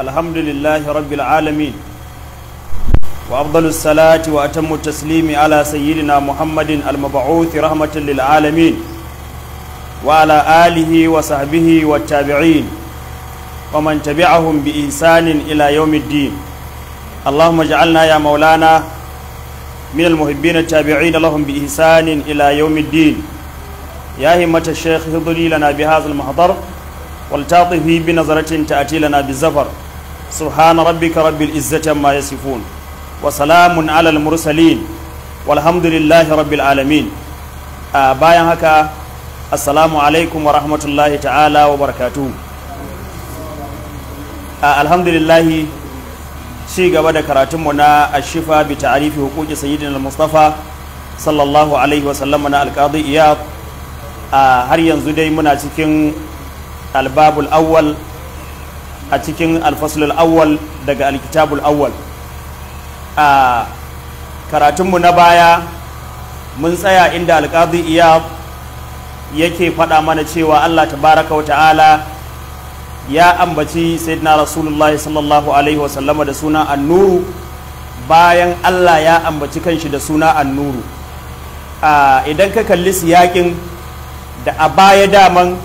الحمد لله رب العالمين وأفضل الصلاة وأتم التسليم على سيدنا محمد المبعوث رحمة للعالمين وعلى آله وصحبه والتابعين ومن تبعهم بإحسان إلى يوم الدين اللهم اجعلنا يا مولانا من المحبين التابعين لهم بإحسان إلى يوم الدين يا همة الشيخ هضري لنا بهذا المحضر ولتعطفي بنظرة تأتي لنا بالزفر سبحان ربك رب العزة عما يصفون وسلام على المرسلين والحمد لله رب العالمين bayan haka assalamu alaikum wa rahmatullahi ta'ala wa barakatu alhamdulillahi ci gaba da karatunmu na ashifa bi ta'arifi hukuki sayyidina al-mustafa sallallahu alaihi wa sallama na alqadi iyad har yanzu dai muna cikin albabul awwal a cikin alfasul awwal daga alkitabul awwal a karatunmu na baya mun tsaya inda alkazi iya yake faɗa mana cewa allah tabaraka wa ta'ala ya ambaci sayyidina rasulullahi sallallahu alaihi wasallama da suna annuru bayan allah ya ambaci kanshi da suna annuru idan ka kalli siyakin da a baya daman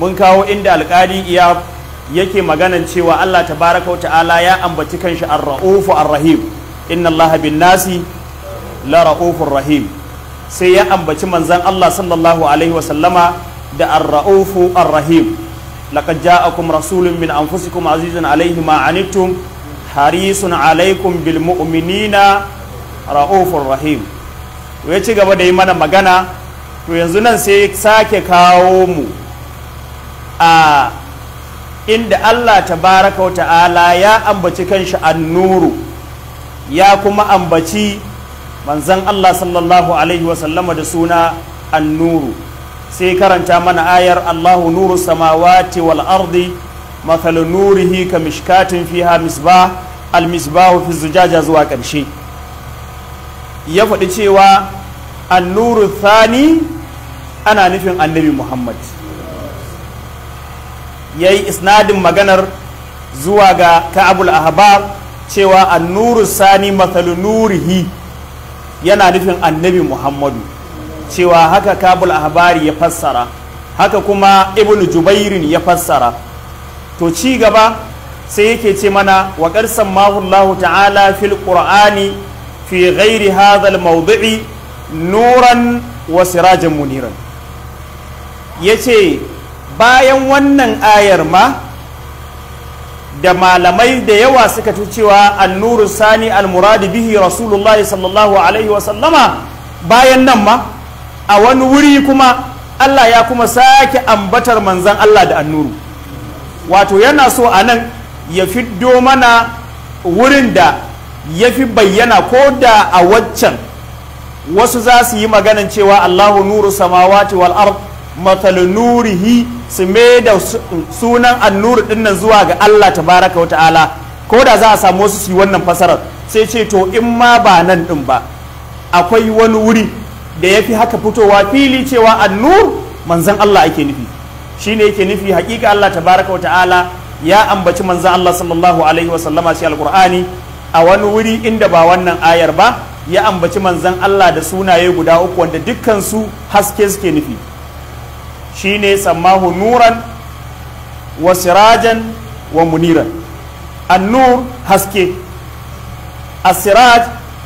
mun kawo inda alƙadi iya yake maganan cewa Allah tabaraka wa ta'ala ya ambaci kanshi ar-ra'ufu ar-rahim inna Allah bin nasi la ra'ufur rahim sai ya ambaci manzan Allah sallallahu alaihi wa sallama da ar-ra'ufu ar-rahim laqad ja'akum rasulun min anfusikum azizun alaihi ma anittum harisun alaikum bil mu'minina ra'ufur rahim to ya ci gaba da yi mana magana to yanzu nan sai sake kawo mu a inda Allah ta wa ta'ala ya ambaci kanshi annuru ya kuma ambaci manzan Allah sallallahu alaihi wasallama da suna annuru sai karanta mana ayar Allahu nuru samawati wal ardi مثل نوره misbah al مصباح fi zujaja, zuwa karshe Ya faɗi cewa النور الثاني ana nufin annabi Muhammad. ya yi isnadin maganar zuwa ga ka'abul ahbar cewa annuru sani matsalu nurihi yana nufin annabi muhammadu cewa haka kabul ahbari ya fassara haka kuma ibn jubairin ya fassara to ci gaba sai yake ce mana wa ƙarsan mahullahu ta'ala fil qur'ani fi ghairi hadhal mawdu'i nuran wa sirajan muniran yace bayan wannan ayar ma da malamai da yawa suka ci cewa annuru sani almuradi bihi rasulullahi sallallahu alaihi wasallama bayan nan ma a wani wuri kuma Allah ya kuma sake ambatar manzan Allah da annuru wato yana so a nan ya fiddo mana wurin da ya fi bayyana ko da a waccan wasu za su yi maganan cewa Allahu nuru samawati wal ard matal nurihi su mai da sunan annuru dinnan zuwa ga Allah tabaraka wa ta'ala ko da za a samu wasu su yi wannan fasarar sai ce to in ma ba nan din ba akwai wani wuri da ya fi haka fitowa fili cewa annur manzan Allah ake nufi Shi ne yake nufi hakika Allah tabaraka wa ta'ala ya ambaci manzan Allah sallallahu alaihi wa sallama shi alqur'ani a wani wuri inda ba wannan ayar ba ya ambaci manzan Allah da sunaye guda uku wanda dukkan su haske suke nufi shine sammahu nuran wa sirajan wa muniran annur haske asiraj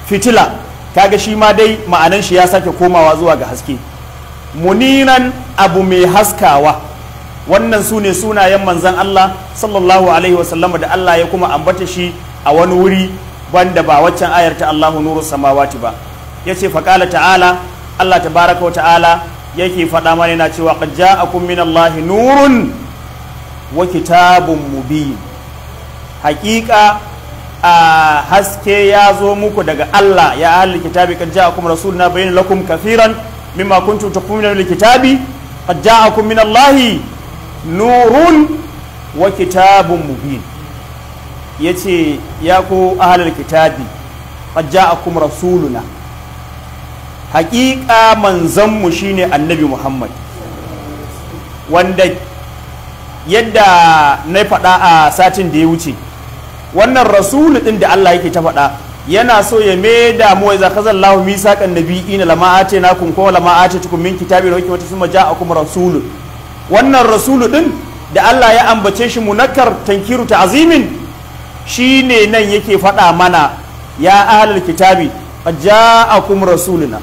fitila ga shi ma dai ma'anan shi ya sake komawa zuwa ga haske muniran abu mai haskawa wannan su ne sunayen manzan Allah sallallahu alaihi wasallama da Allah ya kuma ambata shi a wani wuri banda ba waccan ayar ta Allahu nuru samawati ba Ya ce faƙala ta'ala Allah tabaraka wa ta'ala yake faɗa mana yana cewa qad a min lahi nurun wa kitabun mubi haƙiƙa a haske ya zo muku daga Allah ya ahli kitabi a ja'akum rasuluna bayyana lakum kafiran mimma kuntum takfuruna bil kitabi qad a min lahi nurun wa kitabun ya ce ya ku ahlul kitabi a ja'akum rasuluna haƙiƙa manzanmu shine annabi muhammad wanda yadda na faɗa a satin da ya wuce wannan rasulu ɗin da allah yake ta faɗa yana so ya me damuwa za ka misa kan nabi ina lama'ace na kun kowa lama'ace tukun min kitabi da wata suma ja a kuma rasulu wannan rasulu ɗin da allah ya ambace shi munakar tankiru ta azimin shi nan yake faɗa mana ya ahalar kitabi a ja a kuma rasuluna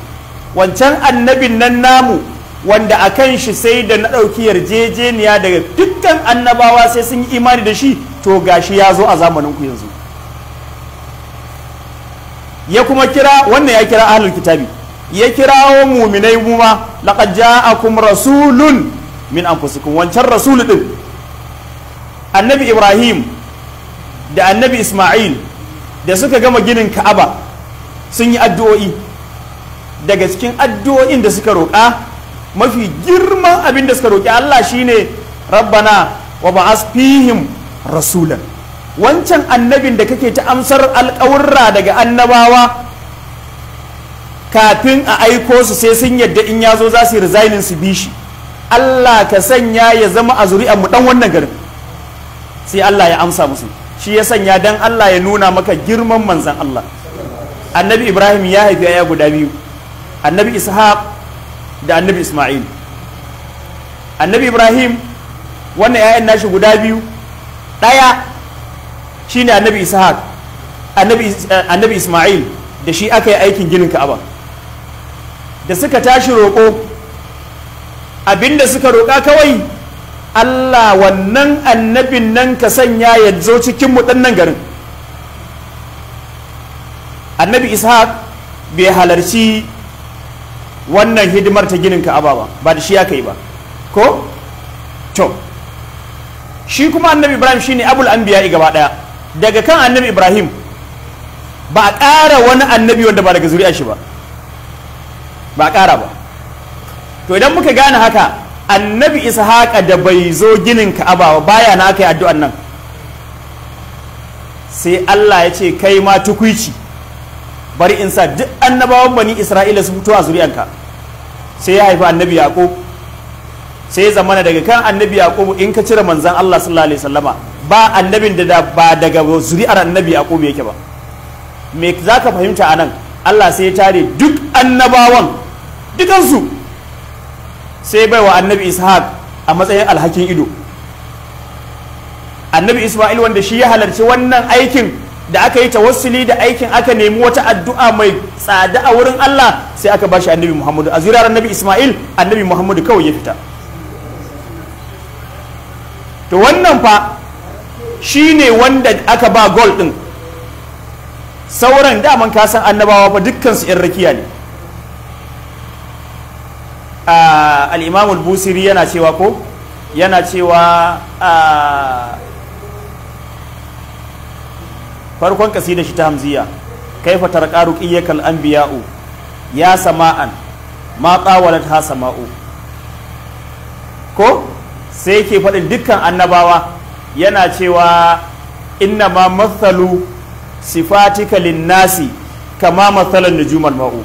wancan annabin nan namu wanda a kan shi sai da na ɗauki yarjejeniya daga dukkan annabawa sai sun yi imani da shi to gashi ya zo a zamanin ku yanzu ya kuma kira wannan ya kira ahlul kitabi ya kirawo muminai mu ma laqad ja'akum rasulun min anfusikum wancan rasulu ɗin annabi ibrahim da annabi isma'il da suka gama ginin ka'aba sun yi addu'o'i daga cikin addu'o'in da suka roƙa mafi girman abin da suka roƙi Allah shi shine rabbana wa ba fihim rasulan wancan annabin da kake ta amsar alƙawurra daga annabawa kafin a aiko su sai sun yadda in ya zo za su yi su bi shi Allah ka sanya ya zama a zuri'ar mu dan wannan garin sai Allah ya amsa musu shi ya sanya dan Allah ya nuna maka girman manzan Allah annabi Ibrahim ya haifi ya guda biyu annabi ishaq da annabi isma'il annabi ibrahim wannan 'ya'yan nashi guda biyu ɗaya shine annabi ishaq annabi eh, isma'il da shi aka yi aikin ginin ka'aba da suka tashi roƙo abinda suka roƙa kawai allah wannan annabin nan ka sanya ya zo cikinmu nan garin annabi ishaq bai halarci wannan hidimar ta ginin ka ababa ba da shi ya kai ba ko to shi kuma annabi ibrahim shine abul anbiya gaba daya daga kan annabi ibrahim ba a ƙara wani annabi wanda ba daga zuri'a shi ba ba a ƙara ba to idan muka gane haka annabi ishaqa da bai zo ginin ka'aba ba baya na aka yi addu'an nan sai Allah ya ce kai ma tukwici bari in sa duk annabawan bani isra'ila su fito a zuriyanka sai ya haifi annabi yaqub sai ya zamana daga kan annabi yaqub in ka cire manzon Allah sallallahu alaihi wasallama ba annabin da ba daga zuri'ar annabi yaqub yake ba me zaka fahimta anan Allah sai ya tare duk annabawan dukansu sai bai wa annabi ishaq a matsayin alhakin ido annabi isma'il wanda shi ya halarci wannan aikin da aka yi tawassuli da aikin aka nemi wata addu'a mai tsada a wurin Allah sai aka bashi annabi Muhammadu a zirarar annabi Ismail annabi Muhammadu kawai ya fita to wannan fa shi ne wanda aka ba gold din sauran daman kasan annabawa fa dukkansu yan rakiya ne al busiri yana cewa ko yana cewa farkon kasida shi ta hamziya kaifa tarqa an anbiya'u ya sama'an ma qawalat ha sama'u ko sai yake faɗin dukkan annabawa yana cewa inna ma mathalu sifatika linnasi kama mathalan nujumal ma'u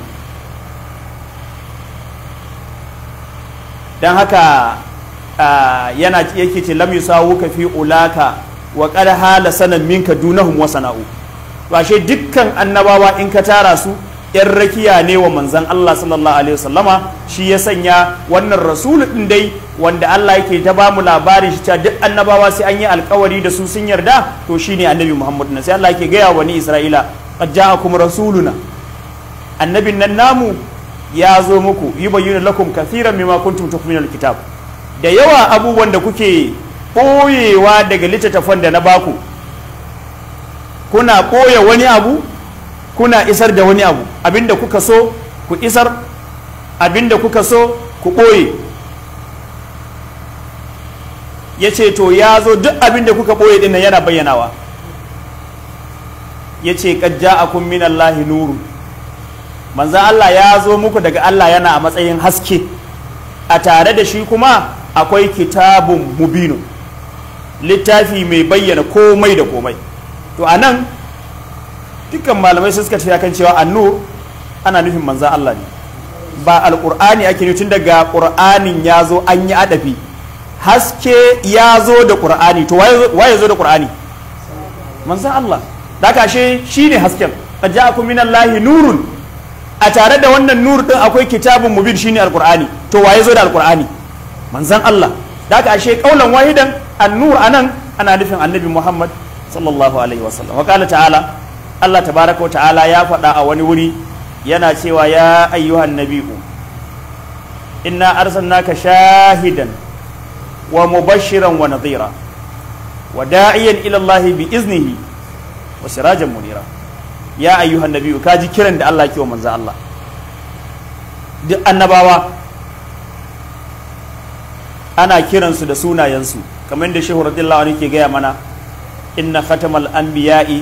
dan haka yana yake ce lam yusawu ka fi ulaka wa hala sanan minka dunahum wa sana'u washe dukkan annabawa in ka tara su yan rakiya ne wa manzan Allah sallallahu alaihi wasallama shi ya sanya wannan rasulu din dai wanda Allah yake ta bamu labarin shi ta duk annabawa sai an yi alkawari da su sun yarda to shi ne annabi Muhammad na sai Allah yake gaya wa ni Isra'ila qad kuma rasuluna annabin nan namu ya zo muku yi bayyana lakum kathiran mimma kuntum tukminul kitab da yawa abubuwan da kuke ɓoyewa daga littattafan da na baku kuna ɓoye wani abu kuna isar da wani abu abinda kuka so ku isar abinda kuka so ku ɓoye ya ce to ya zo duk abinda kuka ɓoye ɗin yana bayyanawa ya ce a min Allahi nuru manza Allah ya zo muku daga Allah yana a matsayin haske a tare da shi kuma akwai kitabun mubinu littafi mai bayyana komai da komai to a nan dukkan malamai sun suka tafi kan cewa annur ana nufin manzan Allah ne ba alƙur'ani ake nufin daga ƙur'anin ya zo an yi adafi haske ya zo da ƙur'ani to waye zo da ƙur'ani manzan Allah da ka shi ne hasken A ja ku minan lahi nurun a tare da wannan nur din akwai kitabun mubin ne alqur'ani to waye zo da alƙur'ani? manzan Allah da ka ashe kaulan wahidan annur anan ana nufin annabi muhammad sallallahu alaihi wasallam wa kala ta'ala allah tabaraka ta'ala ya faɗa a wani wuri yana cewa ya ayyuhan nabi'u inna ka shahidan wa mubashiran wa nadhira wa da'iyan ila bi iznihi wa sirajan munira ya ayyuhan nabi'u kaji kiran da allah ke wa allah duk annabawa ana kiransu da sunayensu kamar da shi hurdin lawani ke gaya mana inna khatamal anbiya'i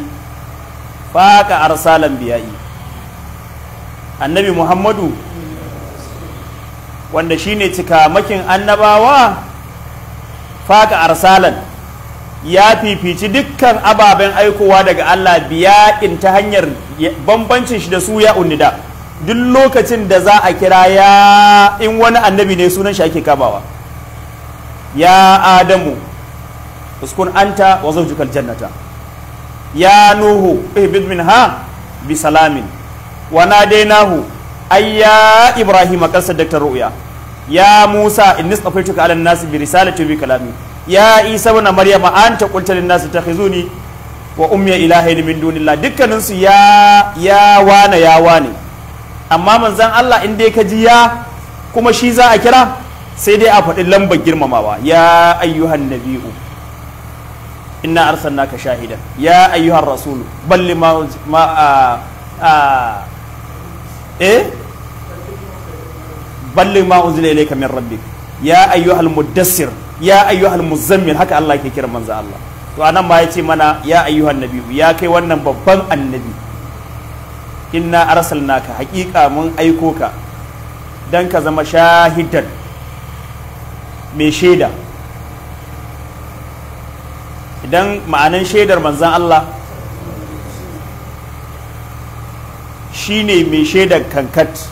faqa arsalan biya'i annabi muhammadu wanda shine cikamakin annabawa faqa arsalan ya fifici dukkan ababen aikowa daga Allah biya'in ta hanyar bambancin shi da su ya unida duk lokacin da za a kira ya in wani annabi ne sunan shi ake kamawa ya adamu uskun anta wa zawjuka jannata ya nuhu ihbid minha bi salamin wa nadainahu ay ya ibrahim qad ru'ya ya musa inni stafaituka ala nasi bi risalati bi kalami ya isa ibn maryama anta qulta lin nasi takhizuni wa ummiya ilahayn min dunillah dukkanin su ya ya ya wane amma manzon Allah in dai ka ji ya kuma shi za a kira sai dai a faɗi lambar girmamawa ya ayyuhan nabi'u inna ka shahidan ya ayyuhan rasulu balli ma a eh balli ma unzila ilayka min rabbik ya ayyuhal mudassir ya ayyuhal muzammil haka Allah ke kira manzo Allah to anan ma yace mana ya ayyuhan nabi'u ya kai wannan babban annabi inna arsalnaka haqiqa mun aiko ka dan ka zama shahidan mai shaida idan ma'anan shaidar manzan Allah shi ne mai shaidar kankat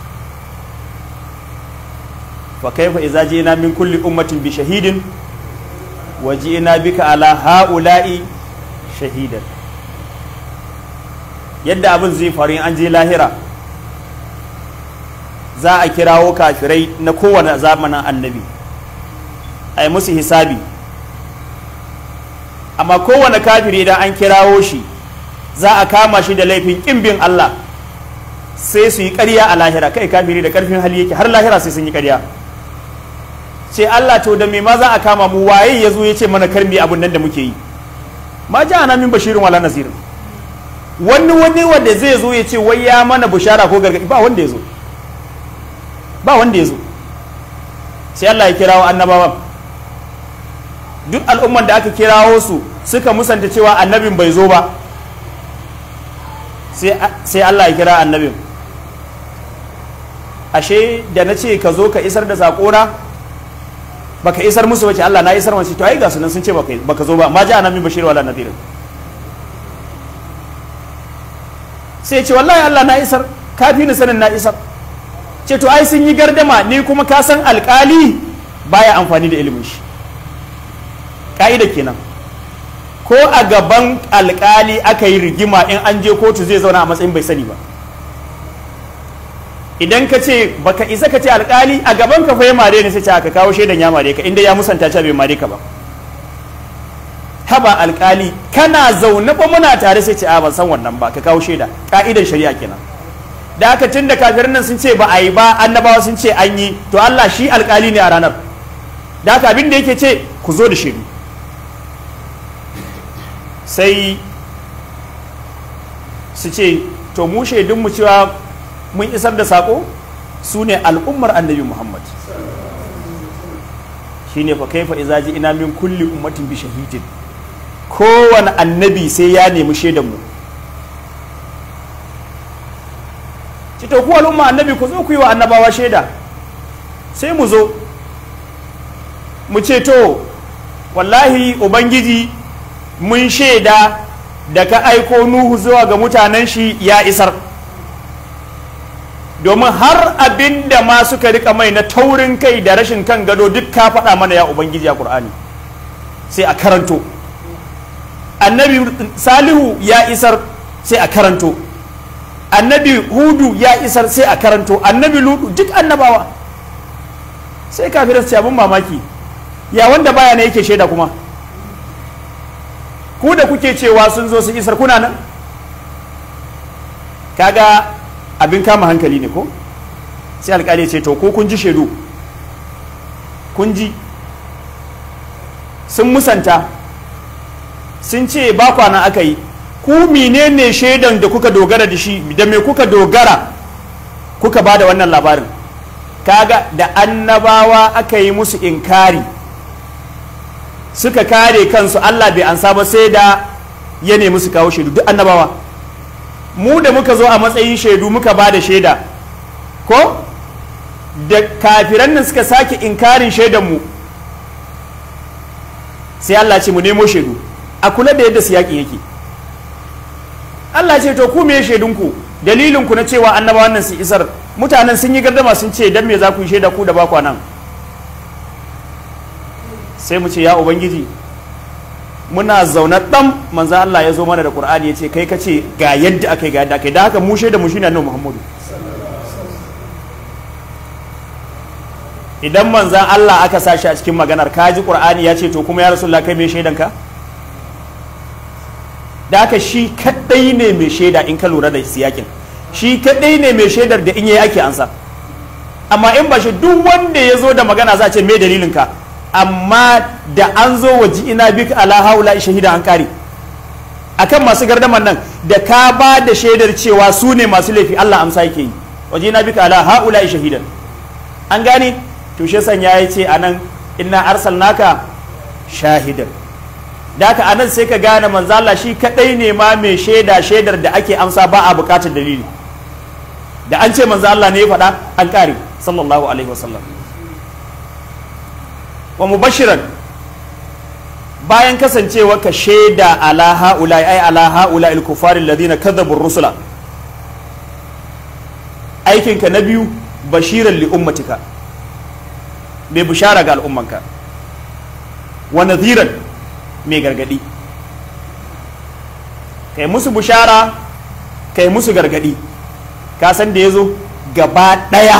fa kaifa iza ji'na min kulli ummatin bi shahidin wa ji'na bika ala ha'ula'i shahidan yadda abin zai faru an je lahira za a kirawo kafirai na kowane zamanin annabi a yi musu hisabi amma kowane kafiri idan an kirawo shi za a kama shi da laifin ƙimbin Allah sai su yi ƙarya a lahira kai kafiri da ƙarfin hali yake har lahira sai sun yi ƙarya ce Allah to da me ma za a kama mu waye ya zo ya ce mana karmi abun nan da muke yi ma ja ana min bashirin wala nazirin wani wani wanda zai zo ya ce wai ya mana bushara ko gargaɗi ba wanda ya zo ba wanda ya zo sai Allah ya kirawo annabawan duk al'umman da aka kirawo su suka musanta cewa annabin bai zo ba sai Allah ya kira annabin ashe da na ce ka zo ka isar da saƙona baka isar musu wace Allah na isar wace to ai ga sunan sun ce baka zo ba ma ji annabin bashir wala nadirin sai ce wallahi Allah na isar Ka fi ni sanin na isar ce to ai sun yi gardama ni kuma ka san alƙali baya amfani da ilimin shi ka'ida kenan ko a gaban alkali aka yi rigima in an je kotu zai zauna a matsayin bai sani ba idan ka ce baka isa ka ce alkali a gaban ka fai mare ne sai ce aka kawo shaidan ya mare ka inda ya musanta ce bai mare ka ba haba alkali kana zaune ba muna tare sai ce a ban san wannan ba ka kawo shaida ka'idan shari'a kenan da aka da kafirin nan sun ce ba a yi ba annabawa sun ce an yi to Allah shi alkali ne a ranar da aka abin da yake ce ku zo da shaidu sai su ce to mu mu cewa mun isar da saƙo su ne al'ummar annabi muhammad shi ne fa kaifa izaji ina min kulli ummatin bi shahidin kowane annabi sai ya nemi mu ci to ku al'umma annabi ku zo ku yi wa annabawa shaida sai mu zo mu ce to wallahi ubangiji mun shaida da ka aiko nuhu zuwa ga mutanen shi ya isar domin har abin da ma suka rika mai na taurin kai da rashin kan gado duk ka faɗa mana ya ubangiji a ƙur'ani sai a karanto annabi salihu ya isar sai a karanto annabi hudu ya isar sai a karanto annabi ludu duk annabawa sai kafirin abin mamaki ya wanda baya ne yake shaida kuma ku da kuke cewa sun zo sun isar kuna nan kaga abin kama hankali ne ko sai alkali ce to ko kun ji shaidu kun ji sun musanta sun ce ba kwana aka yi ku menene shaidan da kuka dogara da shi da me kuka dogara kuka ba da wannan labarin kaga da annabawa aka yi musu inkari suka kare kansu Allah bai ansa ba sai da ya nemi su kawo shaidu duk annabawa mu da muka zo a matsayin shaidu muka ba da shaida ko da kafiran nan suka sake inkarin shaidan mu sai Allah ce mu nemo shaidu a kula da yadda siyaƙi yake Allah ce to ku me shaidunku dalilinku na cewa annabawan nan su isar mutanen sun yi gardama sun ce dan me za ku yi shaida ku da bakwa nan sai mu ce ya ubangiji muna zaune ɗan manzo Allah ya zo mana da Qur'ani ya ce kai ka ce ga yadda aka yi ga yadda aka yi da haka mu shaida mu shine annabi Muhammadu idan manzan Allah aka sashi a cikin maganar ka ji Qur'ani ya ce to kuma ya Rasulullah kai me shaidan ka da haka shi kadai ne mai shaida in ka lura da siyakin shi kadai ne mai shaidar da in yayi ake ansa amma in ba shi duk wanda ya zo da magana za a ce me dalilin ka amma da an zo waje ina bika ala haula shahida an kare akan masu gardaman nan da ka ba da shaidar cewa su ne masu laifi Allah amsa yake yi waje ina bika ala haula shahidan an gane to shi san ya ce anan inna arsalnaka shahidan da ka anan sai ka gane manzo Allah shi kadai ne ma mai shaida shaidar da ake amsa ba a bukatar dalili da an ce manzo Allah ne ya faɗa an kare sallallahu alaihi wasallam wa mubashiran bayan kasancewa ka shaida ala haula ai ala haula il kufarin ladina kadhabu rusula aikin ka na biyu bashiran li ummatika mai bishara ga al'ummanka wa nadhiran mai gargadi kai musu bishara kai musu gargadi ka san da yazo gaba daya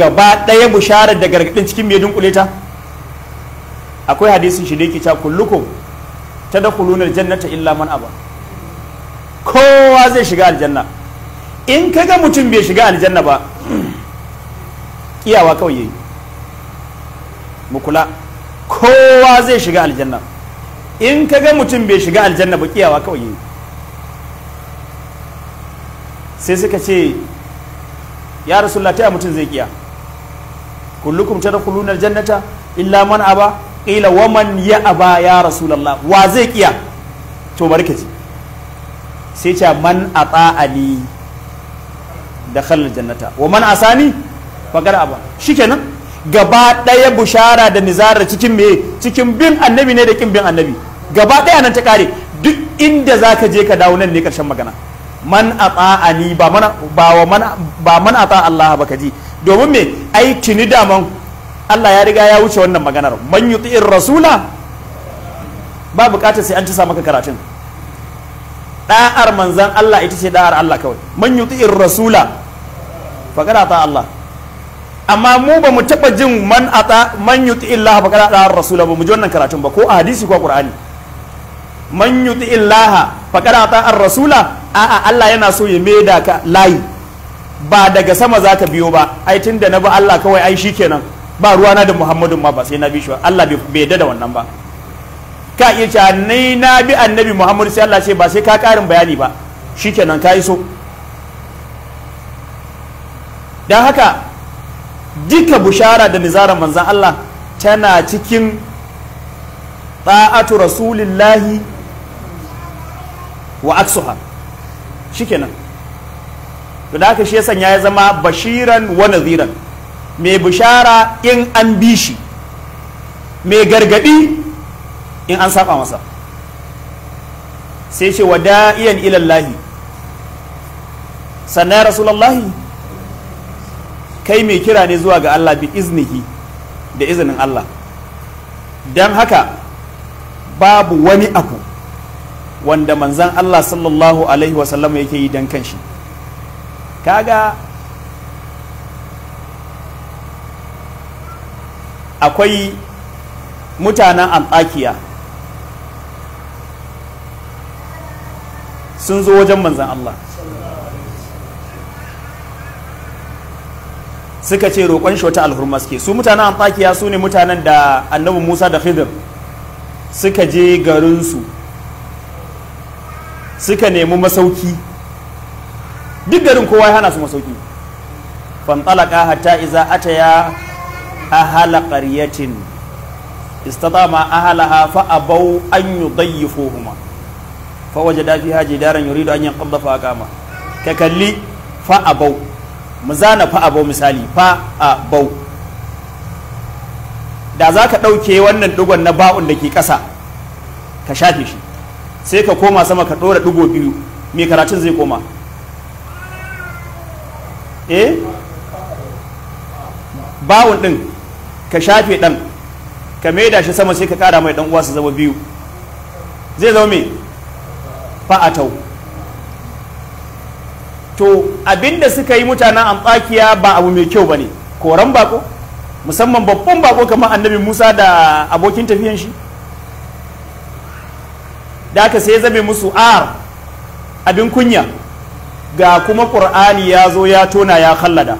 gaba daya bisharar da gargadin cikin mai dunkule ta akwai hadisin shi da yake cewa kullukum tadkhuluna aljannata illa man aba kowa zai shiga aljanna in kaga mutum bai shiga aljanna ba kiyawa kawai yayi mu kula kowa zai shiga aljanna in kaga mutum bai shiga aljanna ba kiyawa kawai yayi sai suka ce ya rasulullah ta mutum zai kiya kullukum tadkhuluna aljannata illa man aba qila waman ya aba ya rasulallah wa zai kiya to barkaji sai ce man ata'ani da khalal jannata wa man asani fagar aba shikenan gaba daya bushara da nizara cikin me cikin bin annabi ne da kin bin annabi gaba daya nan ta kare duk inda zaka je ka dawo nan ne karshen magana man ata'ani ba ba man ba man ata Allah ba kaji domin me ai tuni da man Allah ya riga ya wuce wannan maganar man yuti'ir rasula ba bukatar sai an ci maka karatun da'ar manzan Allah ita ce da'ar Allah kawai man yuti'ir rasula faƙara ta Allah amma mu ba mu taba jin man ata man yuti'illah faqad ɗa'ar rasula ba mu ji wannan karatun ba ko a hadisi ko qur'ani man yuti'illah faqad ta'ar rasula a'a Allah yana so ya maida ka layi ba daga sama za ka biyo ba ai tunda na bi Allah kawai ai shikenan ba ruwana da muhammadu ma ba sai na bi shi Allah bai yadda wannan ba ka iya cewa ni na bi annabi muhammadu sai Allah ce ba sai ka karin bayani ba shikenan ka iso don haka duka bushara da nizarar manzan Allah tana cikin ta'atu rasulillahi wa aksuha shikenan to da haka shi ya sanya ya zama bashiran wa nadhiran mai bishara in an bi shi mai gargadi in an saba masa sai ce wa da'iyan ilallahi sannan rasulallahi kai mai kira ne zuwa ga Allah bi iznihi da izinin Allah don haka babu wani abu wanda manzan Allah sallallahu alaihi wasallam yake yi don kanshi kaga akwai mutanen antakiya sun zo wajen manzan Allah suka ce roƙon shi wata alhurma suke su mutanen antakiya su ne mutanen da annabi musa da khidr suka je garinsu suka nemi masauki duk garin kowa ya hana su masauki fantalaka hatta iza ataya ahala qaryatin istadama ahalaha fa abau an yudayyifuhuma fa wajada fiha jidaran yuridu an yanqadha fa aqama ka kalli fa abau mu zana fa abau misali fa abau da za ka ɗauke wannan ɗigon na ba'un da ke ƙasa ka shafe shi sai ka koma sama ka ɗora ɗigo biyu mai karatun zai koma eh ba'un ɗin ka shafe dan ka maida shi sama sai ka kara mai dan uwa su zama biyu zai zama me fa'atau to abinda suka yi mutanen amfakiya ba abu mai kyau ba ne koran bako musamman babban bako kamar annabi musa da abokin tafiyan shi da aka sai zame musu ar abin kunya ga kuma ƙur'ani ya zo ya tona ya kallada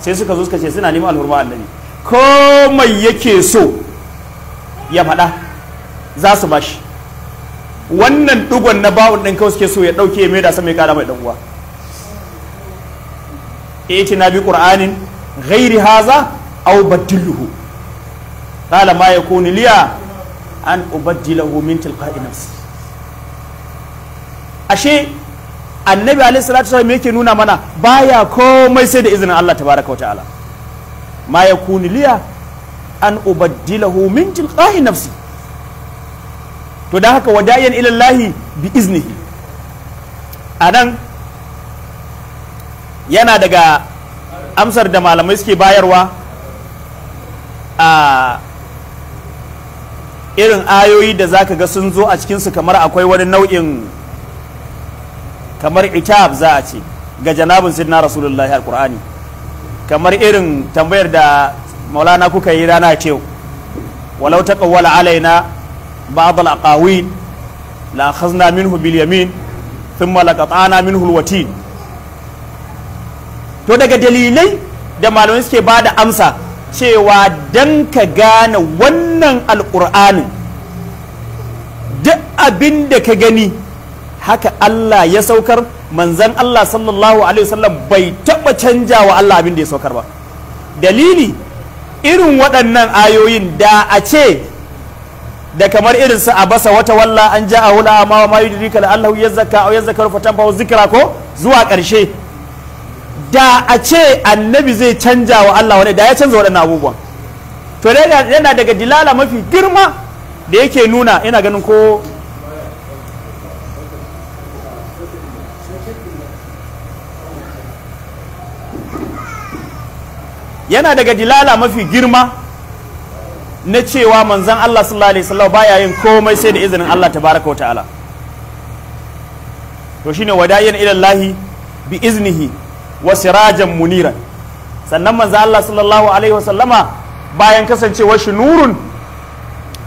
sai suka zo suka ce suna neman alhurma annabi komai yake so ya faɗa za su bashi wannan dugon na bawon ɗin kawai suke so ya ɗauke ya mai da sama ya ƙara mai ɗan'uwa ita na bi ƙur'anin gairi haza au baddiluhu qala ma yakunu liya an ubaddilahu min tilqa'i nafsi ashe annabi alaihi salatu wasallam yake nuna mana baya komai sai da izinin Allah tabaraka wa ta'ala ma ya kuni liya an ubaddilahu min tilqahi nafsi to da haka wadayan ilallahi bi iznihi anan yana daga amsar da malamai suke bayarwa a irin ayoyi da zaka ga sun zo a cikinsu kamar akwai wani nau'in kamar itab za a ce ga janabin sidna rasulullahi alkur'ani kamar irin tambayar da maulana kuka yi rana ce walau ta kawwala alaina ba al la akhazna min bil yamin sun laqata'na minhu min to daga dalilai da malamai suke ba da amsa cewa dan ka gane wannan alƙur'anin duk abin da ka gani haka Allah ya saukar manzan Allah sallallahu alaihi wasallam bai taɓa canja wa Allah abin da ya saukar ba dalili irin waɗannan ayoyin da a ce da kamar irin su a basa wata walla an ja a hula ma wa mayu dirika da Allah ya a aw yazzakaru fatan fa zikira ko zuwa ƙarshe da a ce annabi zai canja wa Allah wani da ya canza waɗannan abubuwan to yana daga dilala mafi girma da yake nuna ina ganin ko yana daga jilala mafi girma na cewa manzan Allah sallallahu alaihi wasallam baya yin komai sai da izinin Allah tabaraka wa ta'ala to shine wadayan ila Allah bi iznihi wa sirajan muniran sannan manzan Allah sallallahu alaihi wasallama bayan kasancewar shi nurun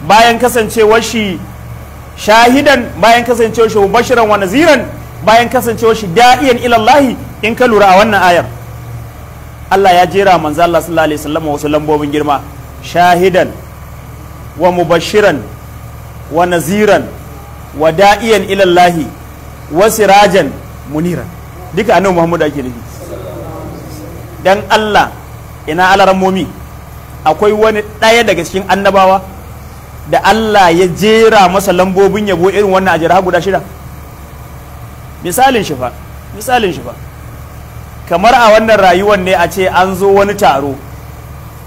bayan kasancewar shi shahidan bayan kasancewar shi mubashiran wa naziran bayan kasancewar shi da'iyan ila Allah in ka lura a wannan ayar Allah ya jera manzo Allah sallallahu alaihi wasallam wasu lambobin girma shahidan wa mubashiran wa naziran wa da'iyan ila Allah wa sirajan muniran duka annabi Muhammad ake nufi dan Allah ina momi akwai wani ɗaya daga cikin annabawa da Allah ya jera masa lambobin yabo irin wannan a guda shida misalin shifa misalin shifa kamar a wannan rayuwar ne a ce an zo wani taro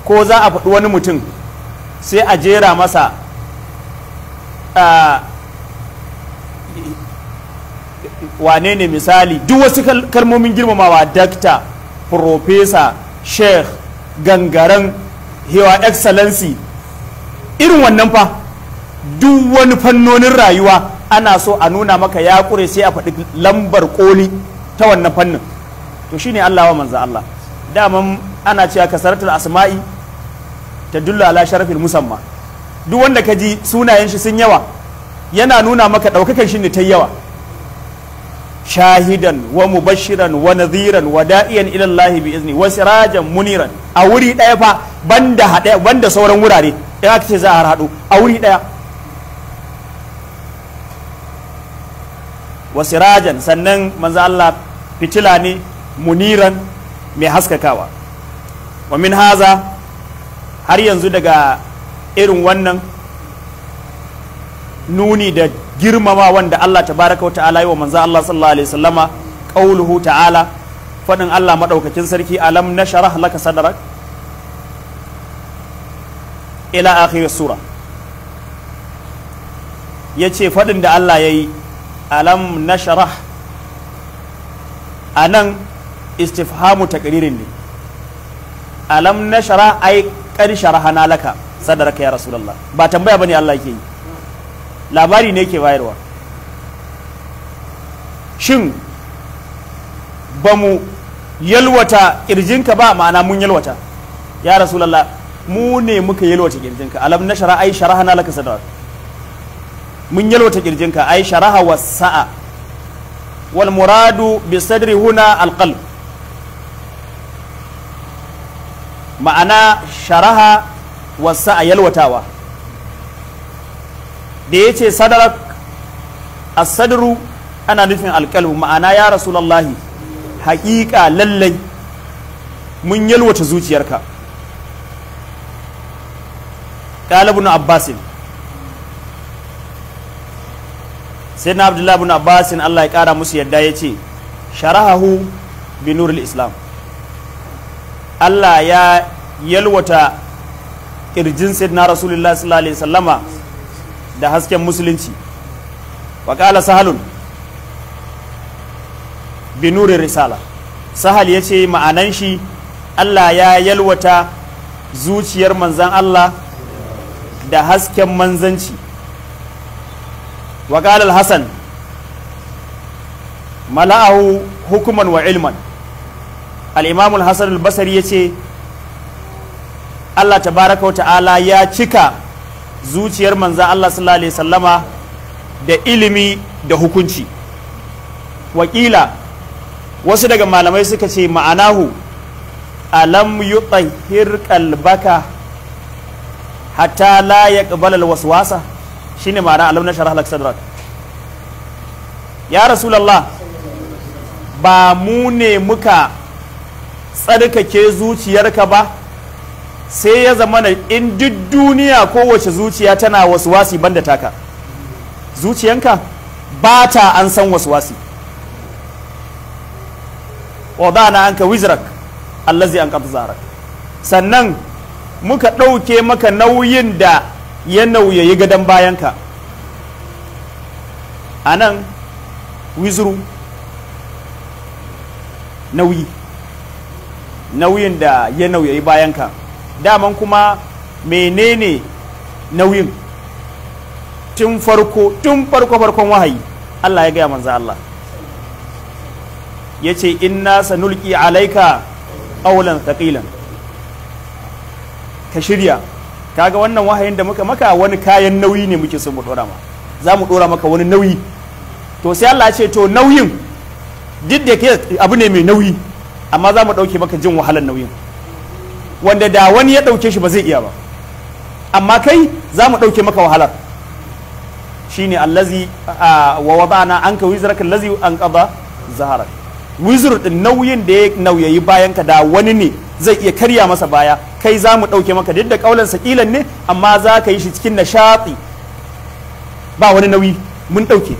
ko za a faɗi wani mutum sai a jera masa wane ne misali duk wasu kalmomin girmamawa dakta profesa sheikh gangaren hewa excellency irin wannan fa duk wani fannonin rayuwa ana so a nuna maka ya kure sai a faɗi lambar koli ta wannan fannin to shine Allah wa manzo Allah daman ana cewa kasaratul asma'i ta dulla ala sharafil musamma duk wanda ka ji sunayen shi sun yawa yana nuna maka ɗaukakan shi ne ta yawa shahidan wa mubashiran wa nadhiran wa da'iyan ila Allah bi izni wa sirajan muniran a wuri daya fa banda hada banda sauran wurare in aka ce za a hadu a wuri daya wa sirajan sannan manzo Allah fitila ne muniran mai haskakawa wa min haza har yanzu daga irin wannan nuni da girmama wanda Allah tabaraka wa ta'ala yi wa manzo Allah sallallahu alaihi wasallama qauluhu ta'ala fadin Allah madaukakin sarki alam nasharah laka sadrak ila akhir sura yace fadin da Allah yayi alam nasharah anan istifhamu takririn ne alam nashara ai kar sharahana laka sadaraka ya rasulullah ba tambaya bane Allah yake yi labari ne yake bayarwa shin ba mu yalwata kirjinka ba ma'ana mun yalwata ya rasulullah mu ne muka yalwata kirjinka alam nashara ai sharahana laka sadaraka mun yalwata kirjinka ai sharaha wasa’a sa'a wal muradu bi sadri huna al qalb ma'ana sharaha wasa a yalwatawa da ya ce sadarak asadru ana nufin alƙalbu ma'ana ya rasulallahi haƙiƙa lallai mun yalwata zuciyarka ƙalabu na abbasin sai na abdullahi abbasin allah ya ƙara musu yadda ya ce sharahahu binurul islam Allah ya yalwata kirjin na rasulullah sallallahu alaihi wasallama da hasken musulunci wa qala sahalun bi risala sahal yace ma'anan shi Allah ya yalwata zuciyar manzan Allah da hasken manzanci wa Hassan al mala'ahu hukuman wa ilman Al'imamul imam al ya ya ce Allah tabaraka wa ta'ala ya cika zuciyar manzan Allah sallallahu sallama da ilimi da hukunci wakila wasu daga malamai suka ce ma'anahu alam yutahhir qalbaka hatta la yaqbal al-waswasa ne ma'ana alam na shara ya rasulallah ba mu ne muka tsarkake zuciyarka ba sai ya zama na in duk duniya kowace zuciya tana wasu ban banda taka zuciyanka ba ta an san wasu wasuwasi wadana anka wizrak allazi an zarak sannan muka ɗauke maka nauyin da ya nauyayi gadon bayanka a nan wizru nauyi nauyin da ya bayan ka daman kuma menene nauyin tun farko tun farko farkon wahayi Allah ya gaya manzo Allah ya ce inna sanulki alaika qawlan thaqilan ka shirya kaga wannan wahayin da muka maka wani kayan nauyi ne muke so mu dora ma za mu dora maka wani nauyi to sai Allah ya ce to nauyin duk da ke abu ne mai nauyi amma za mu ɗauke maka jin wahalar nauyin wanda da wani ya ɗauke shi ba zai iya ba amma kai za mu ɗauke maka wahalar shi shine allazi wa wizar ka lazi an ƙaba zahara wizar ɗin nauyin da ya nauyayi bayan ka da wani ne zai iya karya masa baya kai za mu ɗauke maka duk da ƙaunar sakilan ne amma za ka yi shi cikin nishaɗi ba wani nauyi mun ɗauke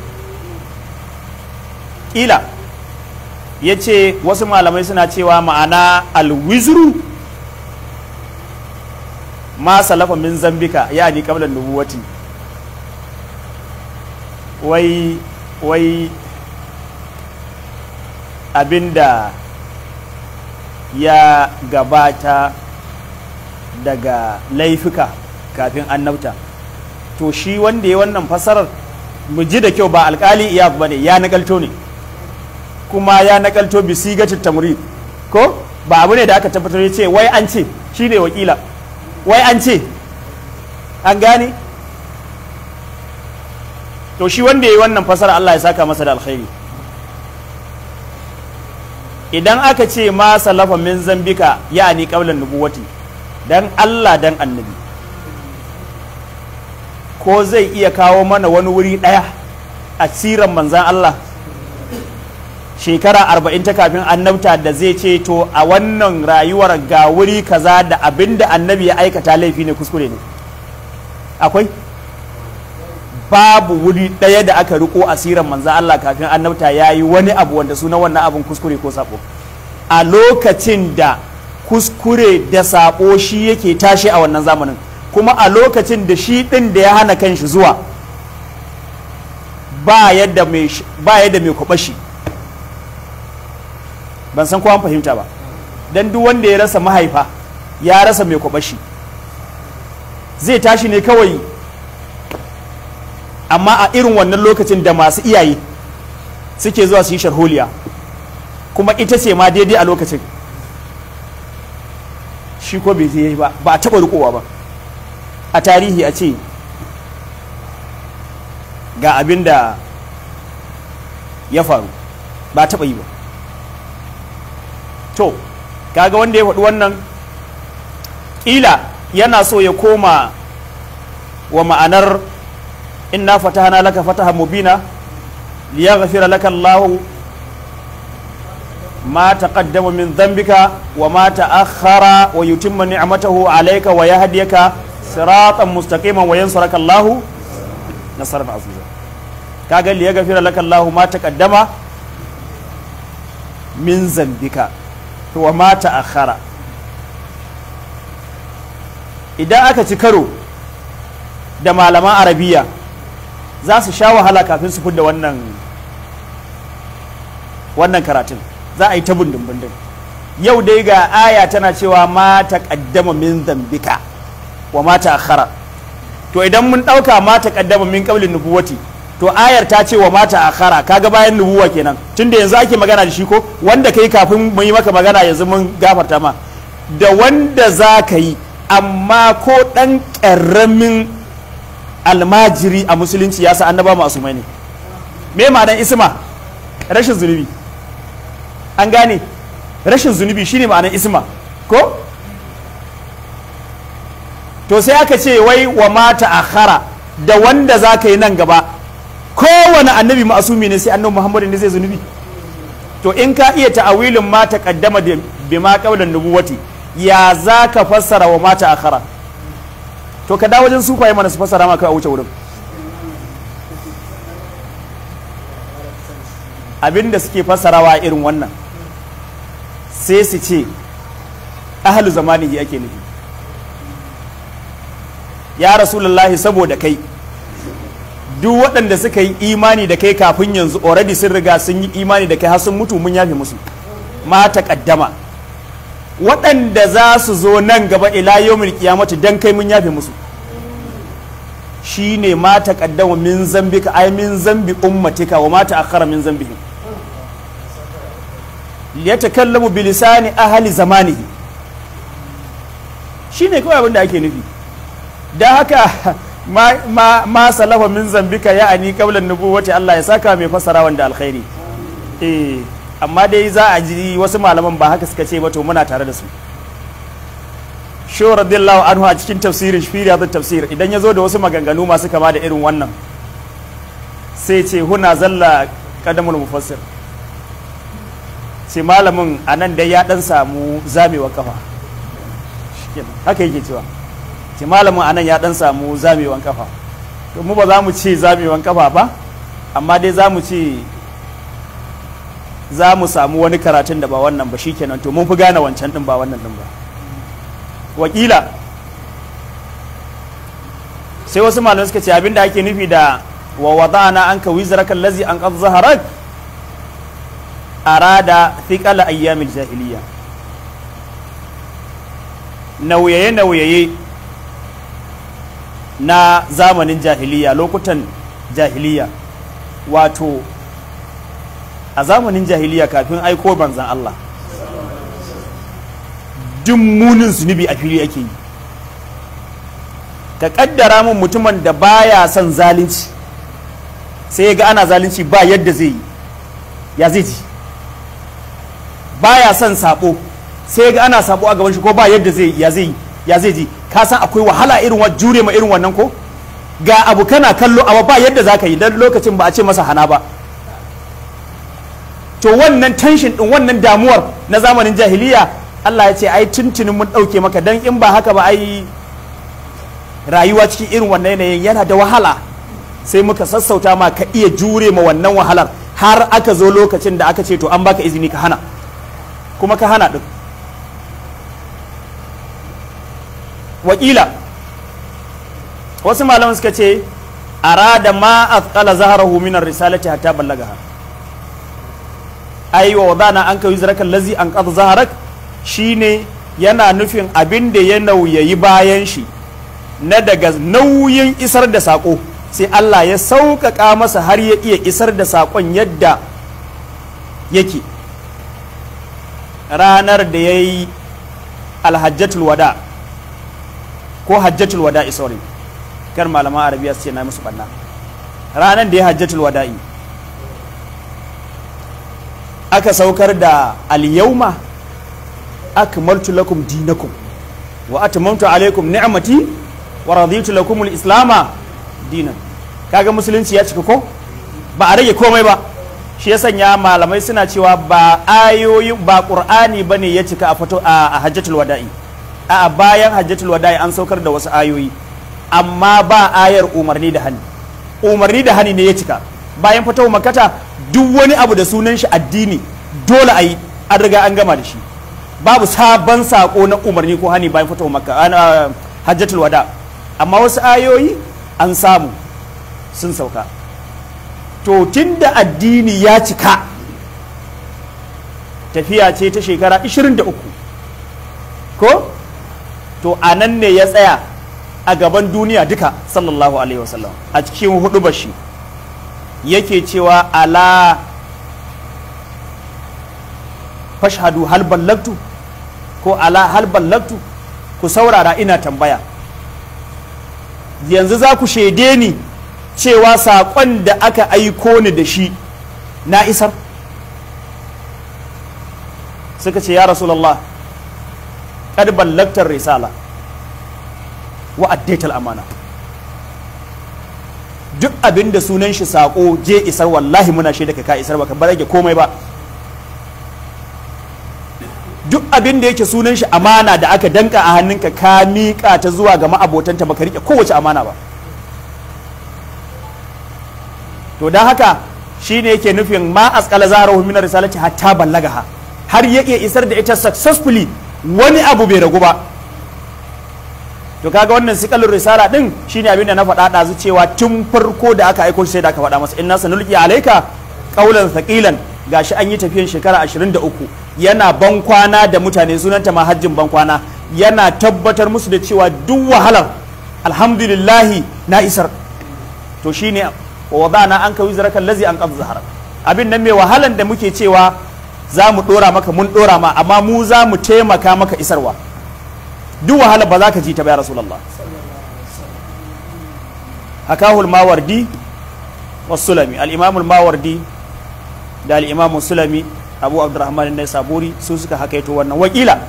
ƙila ya ce wasu malamai suna cewa ma'ana alwizuru ma salafa min zambika ya ni kablan nubuwati wai wai abinda ya gabata daga laifuka kafin annabta to shi wanda ya wannan fasarar mu ji da kyau ba alkali ya bane ya nagalto ne kuma ya nakalto ga tamrid ko ba abu ne da aka tabbatar ya ce wai an ce shi ne wakila wai an ce an gane to shi wanda ya yi wannan fasara Allah ya saka masa da alkhairi idan aka ce ma salafa min zambika ya ni kaulan nubuwati dan Allah dan annabi ko zai iya kawo mana wani wuri daya a tsiran manzan Allah shekara arba'in ta kafin annabta da zai ce to a wannan rayuwar ga wuri kaza da abin da annabi ya aikata laifi ne kuskure ne akwai babu wuri ɗaya da aka riko asirin manza Allah kafin annabta ya yi wani abu wanda suna wannan abin kuskure ko sabo a lokacin da kuskure da sabo shi yake tashi a wannan zamanin kuma a lokacin da shi ɗin da ya hana kanshi zuwa ba yadda mai kwaɓashi ban san kowa fahimta ba don duk wanda ya rasa mahaifa ya rasa mai kwabashi zai tashi ne kawai amma a irin wannan lokacin da masu iyaye suke zuwa su yi sharholiya kuma ita ce ma daidai a lokacin shi ko bai zai ba ba a taɓa rikowa ba a tarihi a ce ga abin da ya faru ba a taɓa yi ba to kaga wanda ya faɗi wannan ƙila yana so ya koma wa ma'anar inna fatahana laka fataha mubina liyaghfira laka Allahu ma taqaddama min zambika wa ma ta'akhkhara wa yutimma ni'matahu 'alayka wa yahdiyaka siratan mustaqiman wa yansuraka Allahu nasran aziza kaga liyaghfira laka Allahu ma taqaddama min zambika to wa mata kara idan aka ci karo da malaman arabiya za su sha wahala kafin su fidda wannan wannan karatun za a yi ta bundin yau dai ga aya tana cewa ma ta min zambika wa ma ta akhara to idan mun ɗauka ma ta ƙaddama min ƙablin nubuwati to ayar ta ce wa mata akhara kaga bayan nubuwa kenan tunda yanzu ake magana da shi ko wanda kai kafin mun yi maka magana yanzu mun gafarta ma da wanda za ka yi amma ko ɗan karamin almajiri a musulunci ya sa annaba masu mai ne me ma isma rashin zunubi an gane rashin zunubi shine ma'anar isma ko to sai aka ce wai wa mata akhara da wanda za ka yi nan gaba kowane annabi ma'asumi ne sai annabi muhammadu ne zai zunubi to in ka iya ta'awilin ma ta kaddama bi ma kaulan nubuwati ya za ka fassara wa mata akhara to ka da wajen sufaye mana su fassara maka a wuce wurin abinda suke fassarawa irin wannan sai su ce ahalu zamani ake nufi ya rasulullahi saboda kai duk waɗanda suka yi imani da kai kafin yanzu already sun riga sun yi imani da kai har sun mutu mun yafe musu ma kaddama waɗanda za su zo nan gaba ila yawmin kiyamati dan kai mun yafe musu shine ma kaddama min zambika ai min zambi ummatika wa ma akhara min zambihi takallamu bi lisani ahli zamanihi shine kawai abin da ake nufi dan haka ma salafa min zambika ya ani nubu wata Allah ya saka mai fasara wanda alkhairi eh amma dai za a ji wasu malaman ba haka suka ce ba to muna tare da su sho radiyallahu anhu a cikin tafsirin shiriya da tafsir idan ya zo da wasu maganganu masu kama da irin wannan sai ce huna zalla kadamul mufassir ce malamin anan dai ya dan samu zamewa kafa haka yake cewa ce malamin anan ya dan samu zamewan kafa to mu ba za mu ce zamewan kafa ba amma dai za mu ce za mu samu wani karatun da ba wannan ba shikenan to mun fi gane wancan din ba wannan din ba wakila sai wasu malamai suka ce abinda ake nufi da wa wadana ka wizraka allazi an qad zaharak arada thiqala ayyamin jahiliya nauyaye nauyaye na zamanin jahiliya lokutan jahiliya wato a zamanin jahiliya kafin aiko banzan Allah duk munin zunubi a fili ake yi ka kaddara mun mutumin da baya son zalunci sai ya ga ana zalunci ba yadda zai yi ya zai ji baya son sabo sai ya ga ana sabo a gaban shi ko ba yadda zai ya zai yi ya zai ji ka san akwai wahala irin wani jure ma irin wannan ko ga abu kana kallo amma ba yadda za ka yi dan lokacin ba a ce masa hana ba to wannan tension din wannan damuwar na zamanin jahiliya Allah ya ce ai tuntunin mun ɗauke maka dan in ba haka ba ai rayuwa cikin irin wannan yanayin yana da wahala sai muka sassauta ma ka iya jure ma wannan wahalar har aka zo lokacin da aka ce to an baka izini ka hana kuma ka hana din wakila wasu malaman suka ce arada ma azqala zaharahu min ar-risalati hatta ballagaha ai wa wadana an kawai zirakan lazi an qad zaharak shine yana nufin abin da ya nauyayi bayan shi na daga nauyin isar da sako sai Allah ya sauƙaƙa masa har ya iya isar da sakon yadda yake ranar da ya yi alhajjatul wada' ko hajjatul wada'i sorry kar malaman arabiya su ce na musu banna ranan da ya hajjatul wada'i aka saukar da al-yawma akmaltu lakum dinakum wa atamantu alaykum ni'mati wa raditu lakum al-islama dinan kaga musulunci ya cika ko ba a rage komai ba shi ya sanya malamai suna cewa ba ayoyi ba qur'ani bane ya cika a fato a hajjatul wada'i a bayan hajjatul wada'i an saukar da wasu ayoyi amma ba ayar umarni da hani umarni da hani ne ya cika bayan fatawa makata duk wani abu da sunan shi addini dole a yi an riga an gama da shi babu sabon sako na umarni ko hani bayan fatawa makka ana ah, hajjatul wada amma wasu ayoyi an samu sun sauka to tunda addini ya cika tafiya ce ta shekara 23 ko to a nan ne ya tsaya a gaban duniya duka sallallahu alaihi wasallam a cikin hudu bashi yake cewa ala fashhadu hal Laktu ko ala hal Laktu, ku saurara ina tambaya yanzu za ku shaide ni cewa saƙon da aka aiko ni da shi na isar suka ce ya rasulallah kad ballaktar risala wa addaital amana duk abin da sunan shi sako je isar wallahi muna shaida ka ka isar ba ka rage komai ba duk abin da yake sunan shi amana da aka danka a hannunka ka miƙa ta zuwa ga ma'abotanta baka rike kowace amana ba to don haka shine yake nufin ma asqala zarahu min risalati hatta ballagaha har yake isar da ita successfully wani abu bai ragu ba to kaga wannan sikalin risala din shine abin da na faɗa ɗazu cewa tun farko da aka aiko sai da aka faɗa masa inna sanulki alaika qaulan thaqilan gashi an yi tafiyan shekara 23 yana ban kwana da mutane sunanta mahajjin bankwana ban yana tabbatar musu da cewa duk wahalar alhamdulillahi na isar to shine wadana an ka wizaraka lazi an zahara abin nan mai wahalan da muke cewa za mu ɗora maka mun ɗora ma amma mu za mu taimaka maka isarwa duk wahala ba za ka ji ta ba ya hakahul mawardi wasulami al'imamul mawardi da al'imamul sulami abu abdurrahman na saburi su suka hakaito wannan wakila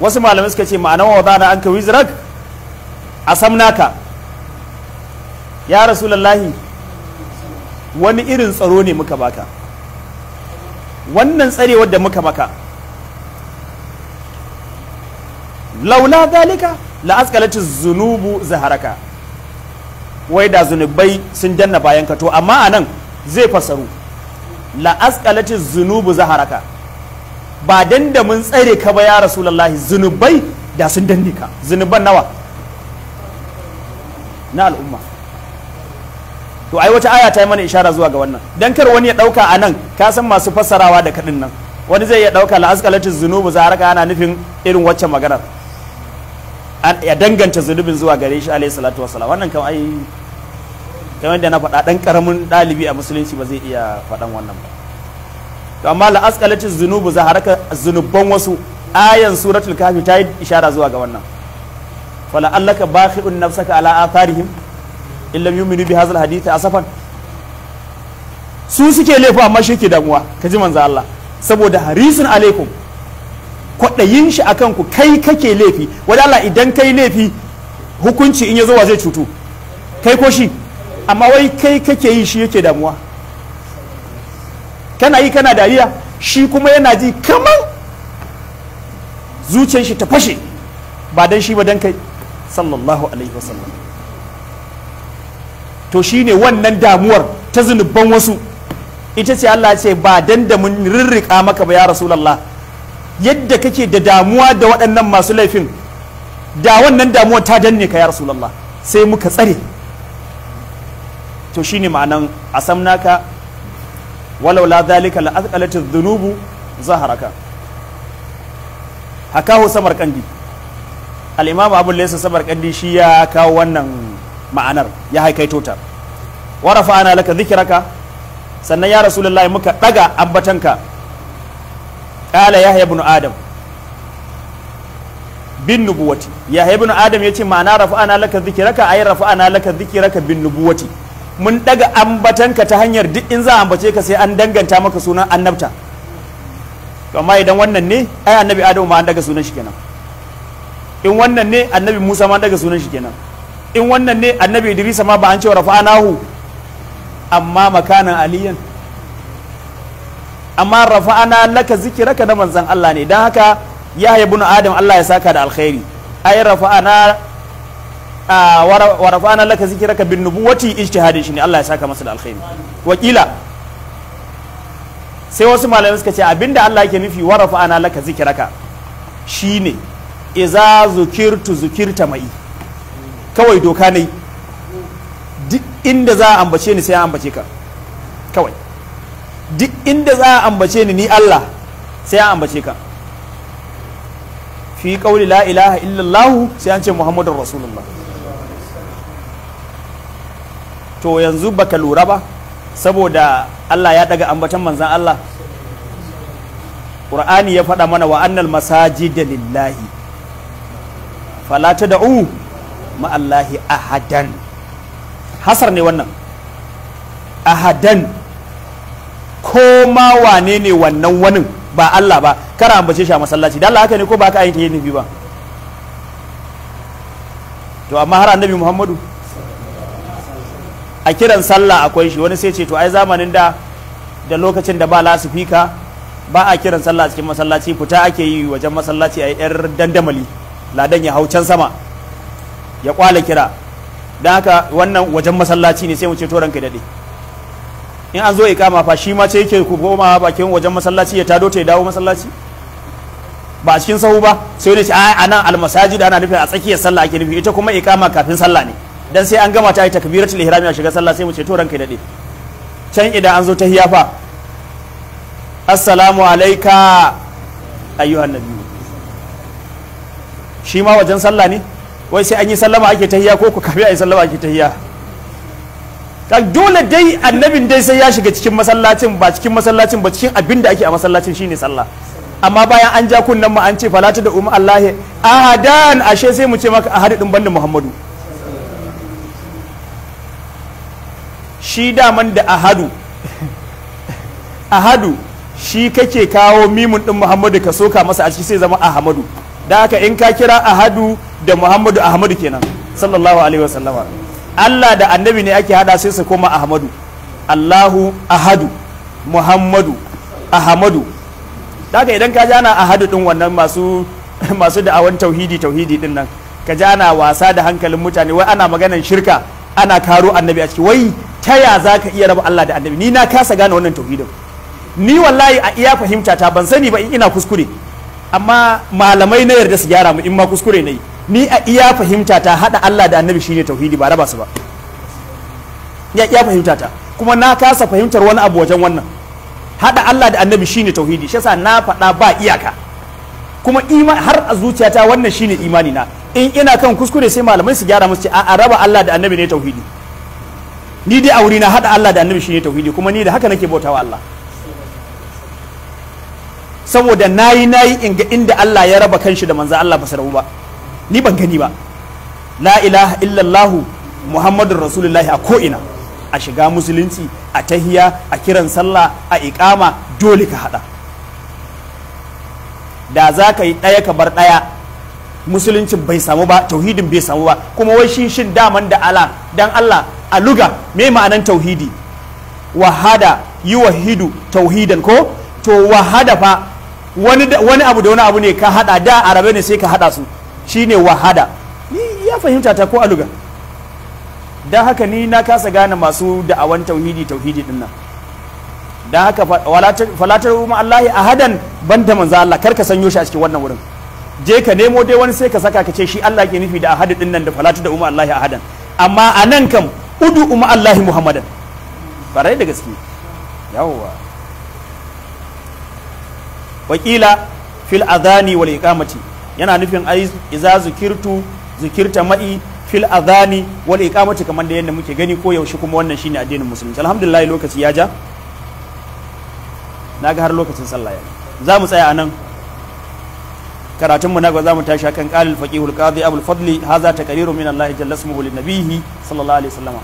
wasu malamai suka ce ma'ana wa wadana an ka wizrak a samnaka ya rasulallahi wani irin tsaro ne muka baka wannan tsarewar da muka maka laula dalika la askalati zunubu zaharaka wai da zunubai sun danna bayan ka to amma a nan zai fasaru la askalati zunubu zaharaka ba dan da mun tsare ka ba ya rasulullahi zunubai da sun danne ka zunuban nawa na al'umma to ai wata aya ta yi mana ishara zuwa ga wannan dan kar wani ya dauka a nan ka san masu fassarawa da kadin nan wani zai iya dauka la'askalatu zunubu za raka ana nufin irin wacce maganar ya danganta zunubin zuwa gare shi alayhi salatu wassalam wannan kan ai kamar da na faɗa dan karamin ɗalibi a musulunci ba zai iya faɗan wannan ba to amma la'askalatu zunubu za raka zunuban wasu ayan suratul kafi ta yi ishara zuwa ga wannan fala allaka bakhi'un nafsaka ala atharihim in lam yu'minu bi hadhal hadith asafan su suke laifi amma shi ke damuwa ka ji manzo Allah saboda harisun alaikum kwaɗayin shi akan ku kai kake laifi wani Allah idan kai laifi hukunci in ya zo wa zai cutu kai ko shi amma wai kai kake yi shi yake damuwa kana yi kana dariya shi kuma yana ji kamar zuciyar shi ta fashe ba dan shi ba dan kai sallallahu alaihi wasallam to shine wannan damuwar ta zunuban wasu ita ce Allah ce ba dan da mun rirrika maka ba ya rasulullah yadda kake da damuwa da waɗannan masu laifin da wannan damuwa ta danne ka ya rasulullah sai muka tsare to shine ma'anan asamnaka walau la dhalika la azqalat dhunubu zaharaka hu samarkandi al-imam abu laysa samarkandi shi ya kawo wannan ma'anar ya haikaito ta warafa ana laka zikiraka sannan ya rasulullahi muka daga ambatanka qala yahya ibn adam bin nubuwati yahya ibn adam yace ma'ana rafa'ana laka zikiraka ay rafa'ana laka zikiraka bin nubuwati mun daga ambatanka ta hanyar duk in za a ambace ka sai an danganta maka sunan annabta amma idan wannan ne ai annabi adam ma an daga sunan shi kenan in wannan ne annabi musa ma an daga sunan shi kenan in wannan ne annabi idrisa ma ba an cewa rafa'anahu amma makanan aliyan amma rafa'ana laka zikiraka na manzan Allah ne don haka ya haibu na adam Allah ya saka da alkhairi ai rafa'ana wa rafa'ana laka zikiraka bin nubuwati ijtihadin shi ne Allah ya saka masa da alkhairi wakila sai wasu malamai suka ce abinda Allah yake nufi wa rafa'ana laka zikiraka shine iza zukirtu zukirta mai kawai doka ne duk inda za a ambace ni sai an ambace ka kawai duk inda za a ambace ni ni Allah sai an ambace ka fi kauli la ilaha illallah sai an ce muhammadun rasulullah to yanzu baka lura ba saboda Allah ya daga ambatan manzan Allah Qur'ani ya faɗa mana wa annal masajida lillahi fala tad'u ma'allahi ahadan hasar ne wannan ahadan ko ma wane ne wannan wanin ba Allah ba kara ambace shi a masallaci da Allah haka ne ko ba ka ayyuka yin nufi ba to amma har annabi Muhammadu a kiran sallah akwai shi wani sai ce to ai zamanin da da lokacin da ba lasifika ba a kiran sallah cikin masallaci fita ake yi wajen masallaci a yar dandamali ladan ya hau can sama ya kwala kira don haka wannan wajen masallaci ne sai mu ce to ranka daɗe in an zo ikama fa shi ma ce yake ku goma bakin wajen masallaci ya tado ta ya dawo masallaci ba a cikin sahu ba sai ne ce a nan almasaji da ana nufin a tsakiyar sallah ake nufi ita kuma ikama kafin sallah ne dan sai an gama ta yi takbiratul ihrami a shiga sallah sai mu ce to ranka daɗe can idan an zo ta hiyafa assalamu alaika ayyuhan nabiyyu shi ma wajen sallah ne wai sai an yi sallama ake tahiya ko ku kafi a yi sallama ake tahiya dole dai annabin dai sai ya shiga cikin masallacin ba cikin masallacin ba cikin abin da ake a masallacin shine sallah amma bayan an ja kunnen mu an ce falata da umu Allah ahadan ashe sai mu ce maka ahadu din banda Muhammadu shi daman da ahadu ahadu shi kake kawo mimun din Muhammadu ka soka masa a ciki sai zama ahmadu da haka in ka kira ahadu da muhammadu ahmadu kenan sallallahu alaihi wasallama Allah da annabi ne ake hada sai su koma ahmadu Allahu ahadu muhammadu ahmadu da haka idan ka jana ahadu din wannan masu masu da'awan tauhidi tauhidi din nan ka jana wasa da hankalin mutane wai ana maganan shirka ana karo annabi a ciki wai ta ya za ka iya raba Allah da annabi ni na kasa gane wannan tauhidin ni wallahi a iya fahimta ta ban sani ba in ina kuskure amma malamai na yarda su gyara mu in ma kuskure ne ni a iya fahimta ta hada Allah da annabi shine tauhidi ba raba su ba ya iya fahimta ta kuma na kasa fahimtar wani abu wajen wannan hada Allah da annabi shine tauhidi shi yasa na faɗa ba iyaka kuma ima har a zuciyata wannan shine imani na in ina kan kuskure sai malamai su gyara musu ce a raba Allah da annabi ne tauhidi ni dai a wuri na hada Allah da annabi shine tauhidi kuma ni da haka nake bautawa Allah saboda nayi nayi in ga inda Allah ya raba kanshi da manzo Allah ba su rabu ba ni ban gani ba la ilaha illallahu muhammadun rasulullahi a ko ina a shiga musulunci a tahiya a kiran sallah a ikama dole ka hada da za ka yi ɗaya ka bar ɗaya musuluncin bai samu ba tauhidin bai samu ba kuma wai shi shin daman da ala dan Allah a luga me ma'anan tauhidi wahada yi wahidu tauhidan ko to wahada fa wani abu da wani abu ne ka hada da arabe ne sai ka hada su shine wahada ni ya fahimta ta ko aluga dan haka ni na kasa gane masu da'awan tauhidi tauhidi din nan dan haka falatar a Allah ahadan banda manzo Allah kar ka sanyo shi a cikin wannan wurin je ka nemo dai wani sai ka saka ka ce shi Allah ke nufi da a hadu nan da falatu da allahi Allah ahadan amma anan kam udu umma Allah Muhammadan farai da gaske yawwa wakila fil adhani wal iqamati yana nufin ai iza zikirtu zikirta ma'i fil adhani wal iqamati kamar da yadda muke gani ko yaushe kuma wannan shine addinin musulunci alhamdulillah lokaci ya ja naga har lokacin sallah ya za mu tsaya anan karatunmu na gaba za mu tashi kan qalil faqihul qadi abul fadli haza taqriru min Allah jalla ismuhu lin bihi sallallahu alaihi wasallam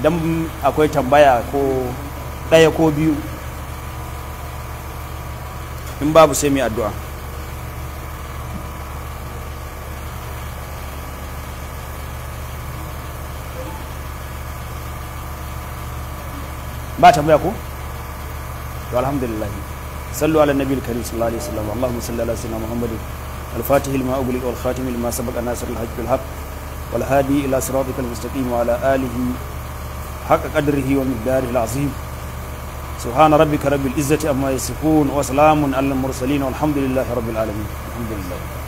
idan akwai tambaya ko daya ko biyu in babu sai mai addu'a ba tambaya ko to alhamdulillah sallu ala nabi karim sallallahu alaihi wasallam allahumma salli ala sayyidina الفاتح لما أغلق والخاتم لما سبق بالحق والهادي إلى صراطك المستقيم وعلى آله حق قدره ومقداره العظيم سبحان ربك رب العزة أما يصفون وسلام على المرسلين والحمد لله رب العالمين الحمد لله